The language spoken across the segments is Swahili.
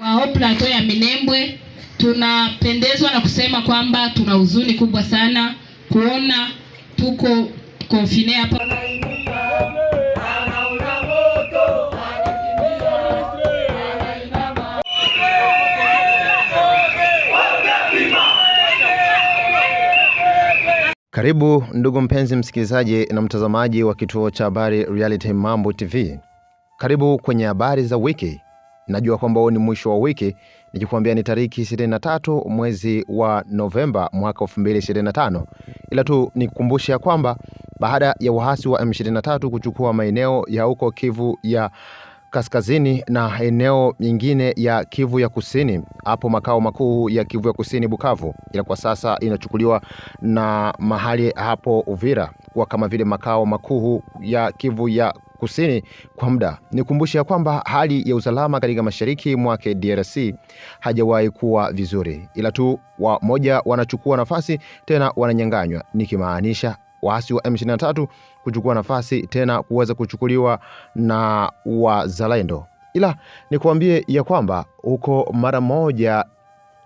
wa Hoplato ya Minembwe, tunapendezwa na kusema kwamba tuna huzuni kubwa sana kuona tuko konfine hapa Karibu ndugu mpenzi msikilizaji na mtazamaji wa kituo cha habari Reality Mambo TV, karibu kwenye habari za wiki najua kwamba huo ni mwisho wa wiki, nikikwambia ni tariki 23 mwezi wa Novemba mwaka 2025. Ila tu nikukumbushe ya kwamba baada ya waasi wa M23 kuchukua maeneo ya huko Kivu ya kaskazini na eneo nyingine ya Kivu ya kusini, hapo makao makuu ya Kivu ya kusini Bukavu, ila kwa sasa inachukuliwa na mahali hapo Uvira kuwa kama vile makao makuu ya Kivu ya kusini kwa muda. Nikumbushe ya kwamba hali ya usalama katika mashariki mwake DRC hajawahi kuwa vizuri, ila tu wamoja wanachukua nafasi tena wananyanganywa, nikimaanisha waasi wa M23 kuchukua nafasi tena kuweza kuchukuliwa na wazalendo. Ila nikuambie ya kwamba huko mara moja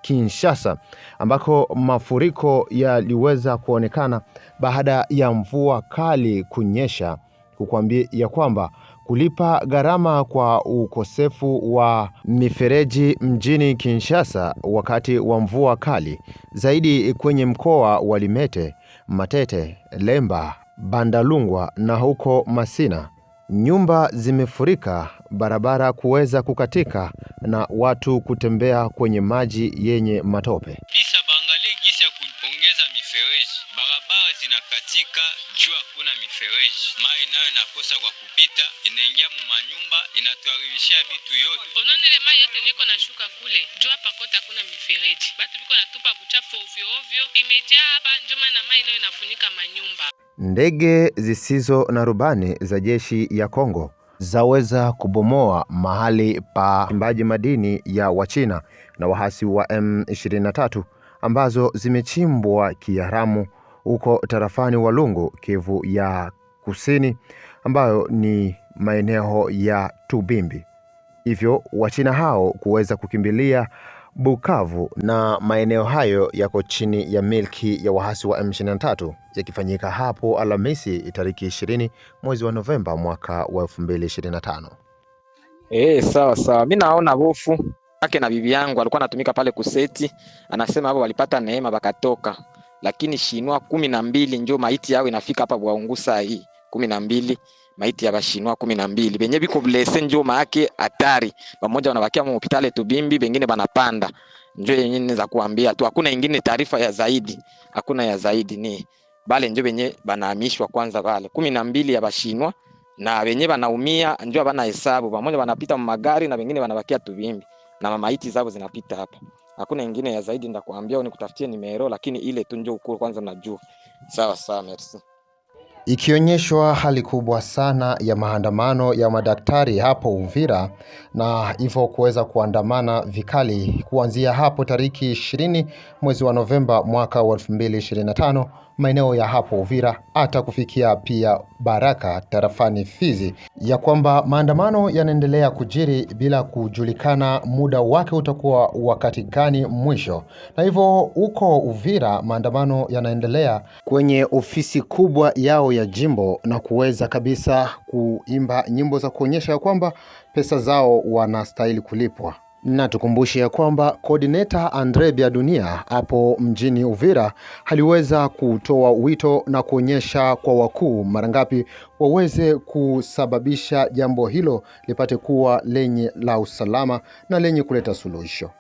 Kinshasa ambako mafuriko yaliweza kuonekana baada ya mvua kali kunyesha kukuambia ya kwamba kulipa gharama kwa ukosefu wa mifereji mjini Kinshasa wakati wa mvua kali zaidi kwenye mkoa wa Limete, Matete, Lemba, Bandalungwa na huko Masina. Nyumba zimefurika, barabara kuweza kukatika na watu kutembea kwenye maji yenye matope kuongeza mifereji, barabara zinakatika juu hakuna mifereji, mai nayo inakosa kwa kupita, inaingia mu manyumba, inatuharibishia vitu yote. Unaona ile mai yote niko nashuka kule juu hapa kote hakuna mifereji, batu biko natupa buchafu ovyo ovyo, imejaa hapa, njoma na mai nayo inafunika manyumba. Ndege zisizo na rubani za jeshi ya Kongo zaweza kubomoa mahali pa mbaji madini ya Wachina na wahasi wa M23 ambazo zimechimbwa kiharamu huko tarafani Walungu, Kivu ya Kusini, ambayo ni maeneo ya Tubimbi, hivyo Wachina hao kuweza kukimbilia Bukavu na maeneo hayo yako chini ya milki ya waasi wa M23, yakifanyika hapo Alhamisi tariki 20 mwezi wa Novemba mwaka wa 2025. Eh, sawa sawa, mi naona bofu yake na bibi yangu alikuwa anatumika pale kuseti, anasema hapo walipata neema bakatoka, lakini shinua kumi na mbili njo maiti yao inafika hapa Bwaungusa hii kumi na mbili maiti ya bashinua kumi na mbili benye biko blese njo maake hatari. Pamoja wanabakia muhopitali Tubimbi, bengine banapanda. Njo yenye naweza kuambia tu, hakuna ingine taarifa ya zaidi, hakuna ya zaidi ni bale njo benye banahamishwa kwanza, bale kumi na mbili ya bashinwa na benye banaumia njo bana hesabu pamoja, banapita magari na bengine banabakia Tubimbi na mamaiti zao zinapita hapa. Hakuna ingine ya zaidi ndakuambia, ni nimeelewa, lakini ile tu njoo ukule kwanza, najua. Sawa sawa, merci. Ikionyeshwa hali kubwa sana ya maandamano ya madaktari hapo Uvira na hivyo kuweza kuandamana vikali kuanzia hapo tariki 20 mwezi wa Novemba mwaka wa 2025 maeneo ya hapo Uvira hata kufikia pia Baraka tarafani Fizi, ya kwamba maandamano yanaendelea kujiri bila kujulikana muda wake utakuwa wakati gani mwisho, na hivyo huko Uvira maandamano yanaendelea kwenye ofisi kubwa yao ya jimbo na kuweza kabisa kuimba nyimbo za kuonyesha ya kwamba pesa zao wanastahili kulipwa. Na tukumbushe ya kwamba koordineta Andre dunia hapo mjini Uvira aliweza kutoa wito na kuonyesha kwa wakuu mara ngapi waweze kusababisha jambo hilo lipate kuwa lenye la usalama na lenye kuleta suluhisho.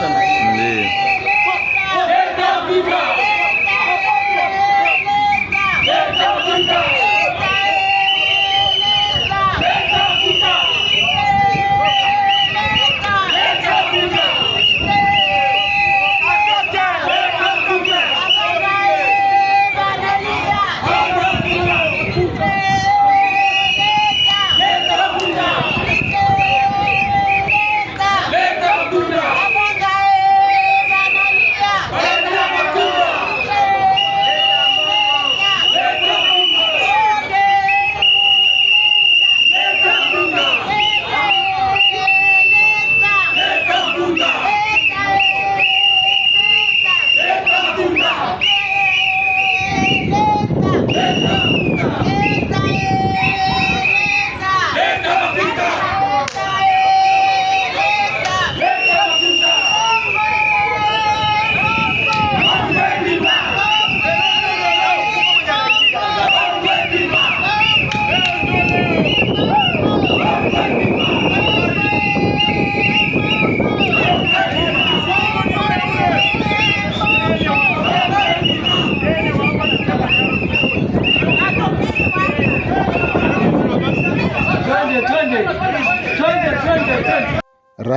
সমস্যা জি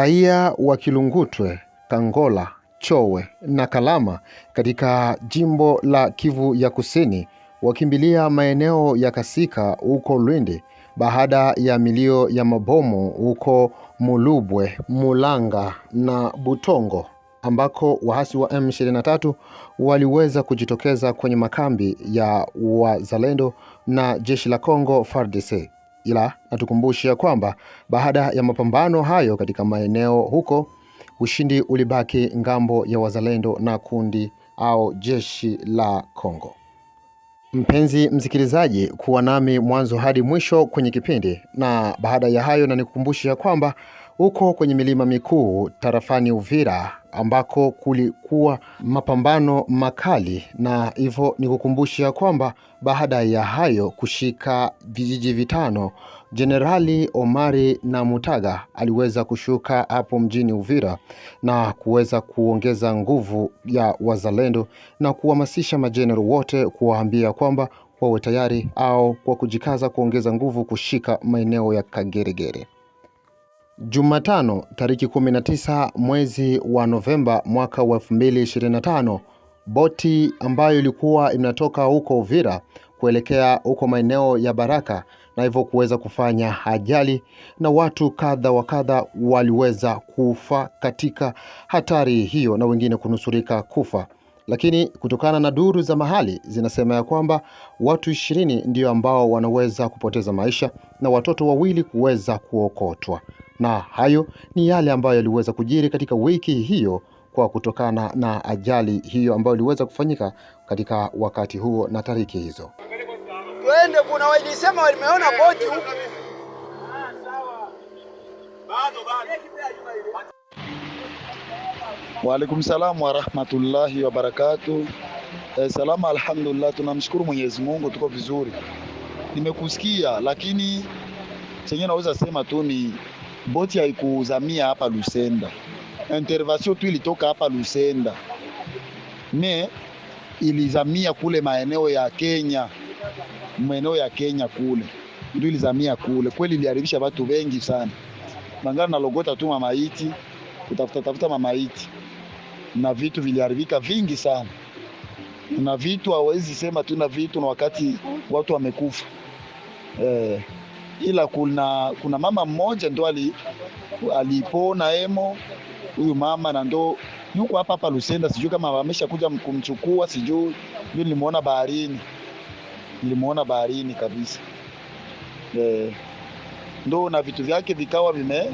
Raia wa Kilungutwe, Kangola, Chowe na Kalama katika jimbo la Kivu ya Kusini wakimbilia maeneo ya Kasika huko Lwindi baada ya milio ya mabomu huko Mulubwe, Mulanga na Butongo ambako waasi wa M23 waliweza kujitokeza kwenye makambi ya wazalendo na jeshi la Kongo FARDC ila natukumbusha kwamba baada ya mapambano hayo katika maeneo huko, ushindi ulibaki ngambo ya wazalendo na kundi au jeshi la Kongo. Mpenzi msikilizaji, kuwa nami mwanzo hadi mwisho kwenye kipindi, na baada ya hayo, na nikukumbusha kwamba huko kwenye milima mikuu tarafani Uvira ambako kulikuwa mapambano makali, na hivyo ni kukumbusha kwamba baada ya hayo kushika vijiji vitano, Jenerali Omari Namutaga aliweza kushuka hapo mjini Uvira na kuweza kuongeza nguvu ya wazalendo na kuhamasisha majenerali wote kuwaambia kwamba wawe tayari au kwa kujikaza kuongeza nguvu kushika maeneo ya Kageregere. Jumatano tariki 19 mwezi wa Novemba mwaka wa 2025, boti ambayo ilikuwa inatoka huko Uvira kuelekea huko maeneo ya Baraka na hivyo kuweza kufanya ajali na watu kadha wa kadha waliweza kufa katika hatari hiyo na wengine kunusurika kufa, lakini kutokana na duru za mahali zinasema ya kwamba watu ishirini ndio ambao wanaweza kupoteza maisha na watoto wawili kuweza kuokotwa. Na hayo ni yale ambayo yaliweza kujiri katika wiki hiyo kwa kutokana na ajali hiyo ambayo iliweza kufanyika katika wakati huo na tariki hizo. Twende, kuna walisema walimeona boti huko. Waalaikum salam warahmatullahi wabarakatu. Eh, salama alhamdulillah, tunamshukuru Mwenyezi Mungu, tuko vizuri. Nimekusikia, lakini chenye naweza sema tu ni boti haikuuzamia hapa Lusenda, intervention tu ilitoka hapa Lusenda me ilizamia kule maeneo ya Kenya, maeneo ya Kenya kule ndio ilizamia kule. Kweli iliharibisha watu wengi sana, mangana nalogota tu mamaiti, kutafuta tafuta mamaiti na vitu viliharibika vingi sana, na vitu hawezi sema tuna vitu na wakati watu wamekufa eh ila kuna, kuna mama mmoja ndo ali, alipona emo huyu mama na ndo yuko hapa hapa Lusenda, sijui kama ameshakuja kumchukua, sijui. Mimi nilimuona baharini, nilimuona baharini kabisa e, ndo na vitu vyake vikawa vime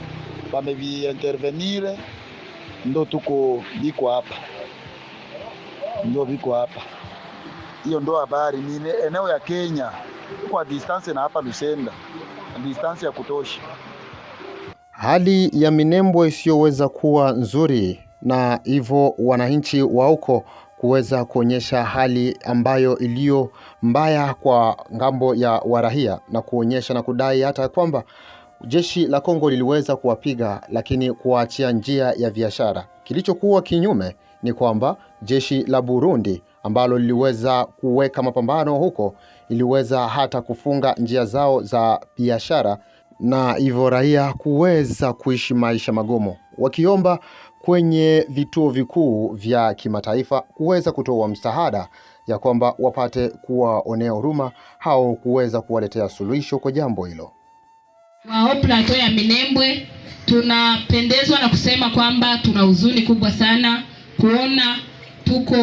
wameviintervenire, ndo tuko viko hapa, ndo viko hapa hiyo ndo habari. Ni eneo ya Kenya kwa distance na hapa Lusenda distance ya kutosha. Hali ya Minembwe isiyoweza kuwa nzuri, na hivyo wananchi wa huko kuweza kuonyesha hali ambayo iliyo mbaya kwa ngambo ya warahia na kuonyesha na kudai hata kwamba jeshi la Kongo liliweza kuwapiga lakini kuwaachia njia ya biashara. Kilichokuwa kinyume ni kwamba jeshi la Burundi ambalo liliweza kuweka mapambano huko, iliweza hata kufunga njia zao za biashara na hivyo raia kuweza kuishi maisha magumu, wakiomba kwenye vituo vikuu vya kimataifa kuweza kutoa msaada ya kwamba wapate kuwaonea huruma au kuweza kuwaletea suluhisho kwa jambo hilo. Wao plato ya Minembwe, tunapendezwa na kusema kwamba tuna huzuni kubwa sana kuona tuko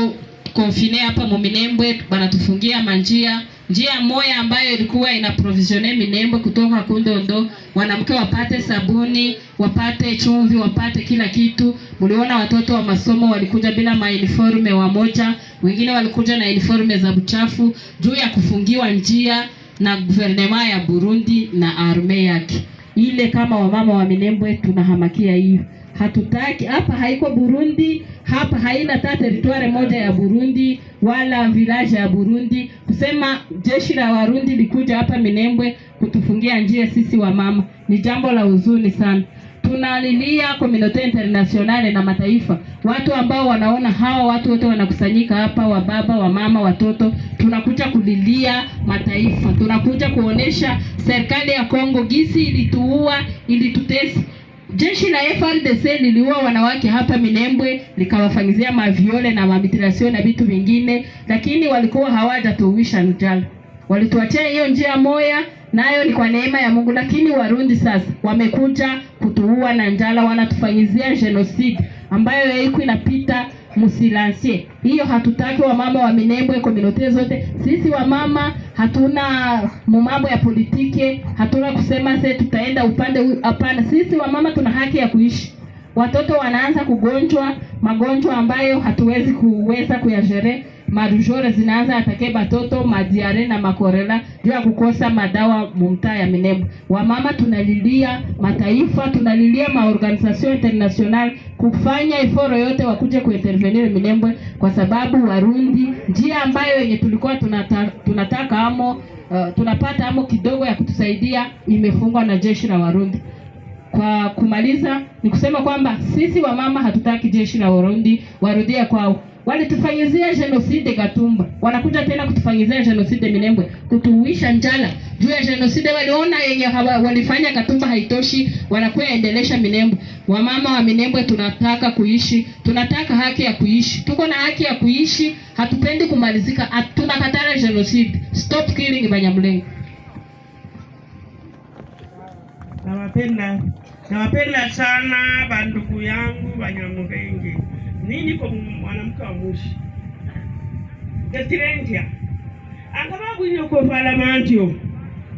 konfine hapa muminembwe wanatufungia manjia njia moya ambayo ilikuwa ina provisione Minembwe kutoka Kundondo, wanamke wapate sabuni, wapate chumvi, wapate kila kitu. Mliona watoto wa masomo walikuja bila mauniforme wamoja, wengine walikuja na uniforme za buchafu juu ya kufungiwa njia na guvernema ya Burundi na arme yake ile. Kama wamama wa Minembwe tunahamakia hiyo hatutaki hapa, haiko Burundi hapa, haina ta teritware moja ya Burundi wala vilaje ya Burundi kusema jeshi la Warundi likuja hapa Minembwe kutufungia njia sisi wa mama, ni jambo la huzuni sana. Tunalilia komunote internationale na mataifa, watu ambao wanaona hawa watu wote wanakusanyika hapa, wa baba, wa mama, watoto. Tunakuja kulilia mataifa, tunakuja kuonesha serikali ya Kongo gisi ilituua, ilitutesi Jeshi la FRDC liliua wanawake hapa Minembwe, likawafanyizia maviole na mabitirasio na vitu vingine, lakini walikuwa hawajatuuisha njala, walituachia hiyo njia moya, nayo ni kwa neema ya Mungu. Lakini Warundi sasa wamekuja kutuua na njala, wanatufanyizia genocide ambayo haiku inapita msilansie hiyo. Hatutaki wamama wa Minembwe, komunote zote sisi wamama hatuna mambo ya politiki, hatuna kusema se tutaenda upande huyu. Hapana, sisi wamama tuna haki ya kuishi. Watoto wanaanza kugonjwa magonjwa ambayo hatuwezi kuweza kuyashere marushore zinaanza atakee batoto madiare na makorela juu ya kukosa madawa mumtaa ya Minembwe. Wamama tunalilia mataifa, tunalilia maorganisation international kufanya iforo yote wakuje kuintervenir Minembwe, kwa sababu Warundi njia ambayo yenye tulikuwa tunata, tunataka amo, uh, tunapata amo kidogo ya kutusaidia imefungwa na jeshi la Warundi. Kwa kumaliza, ni kusema kwamba sisi wamama hatutaki jeshi la Burundi warudie kwao. Walitufanyizia genocide Gatumba, wanakuja tena kutufanyizia genocide Minembwe, kutuuisha njala juu ya genocide waliona yenye walifanya Gatumba haitoshi, wanakuwa endelesha Minembwe. Wamama wa Minembwe tunataka kuishi, tunataka haki ya kuishi, tuko na haki ya kuishi, hatupendi kumalizika, tunakatala genocide. Stop killing Banyamulenge. Nawapenda. Nawapenda sana bandugu yangu Banyamulenge. Nini kwa mwanamke wa mushi getirendia angababwine ko palamantio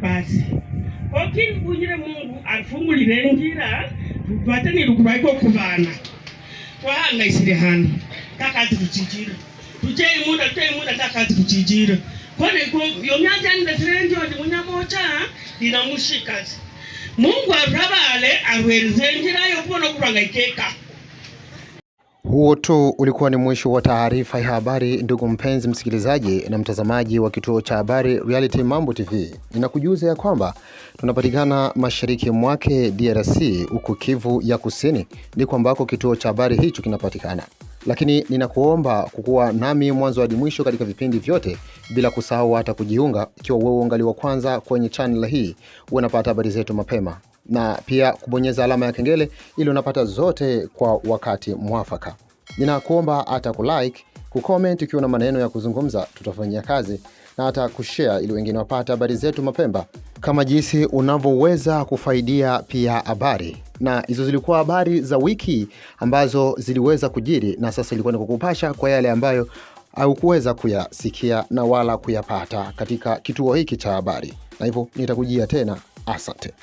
basi okindibwinire Mungu alifungulire njira twatenilikubaiko kubana twahangaisire hanu takati kucijira tujeimunda tujeimunda takati kucijira kone yomyajanire sirendio ndimunyamocha ndinamushikazi Mungu atabale njira yokubona kubangayika. Huo tu ulikuwa ni mwisho wa taarifa ya habari. Ndugu mpenzi msikilizaji na mtazamaji wa kituo cha habari Reality Mambo TV, ninakujuza ya kwamba tunapatikana mashariki mwake DRC, huku Kivu ya Kusini ndiko ambako kituo cha habari hicho kinapatikana lakini ninakuomba kukuwa nami mwanzo hadi mwisho katika vipindi vyote, bila kusahau hata kujiunga, ikiwa wewe ungali wa kwanza kwenye chanel hii, unapata habari zetu mapema, na pia kubonyeza alama ya kengele ili unapata zote kwa wakati mwafaka. Ninakuomba hata kulike, kucomment, ukiwa na maneno ya kuzungumza, tutafanyia kazi na hata kushare ili wengine wapate habari zetu mapemba kama jinsi unavyoweza kufaidia pia habari. Na hizo zilikuwa habari za wiki ambazo ziliweza kujiri, na sasa ilikuwa ni kukupasha kwa yale ambayo haukuweza kuyasikia na wala kuyapata katika kituo hiki cha habari, na hivyo nitakujia tena. Asante.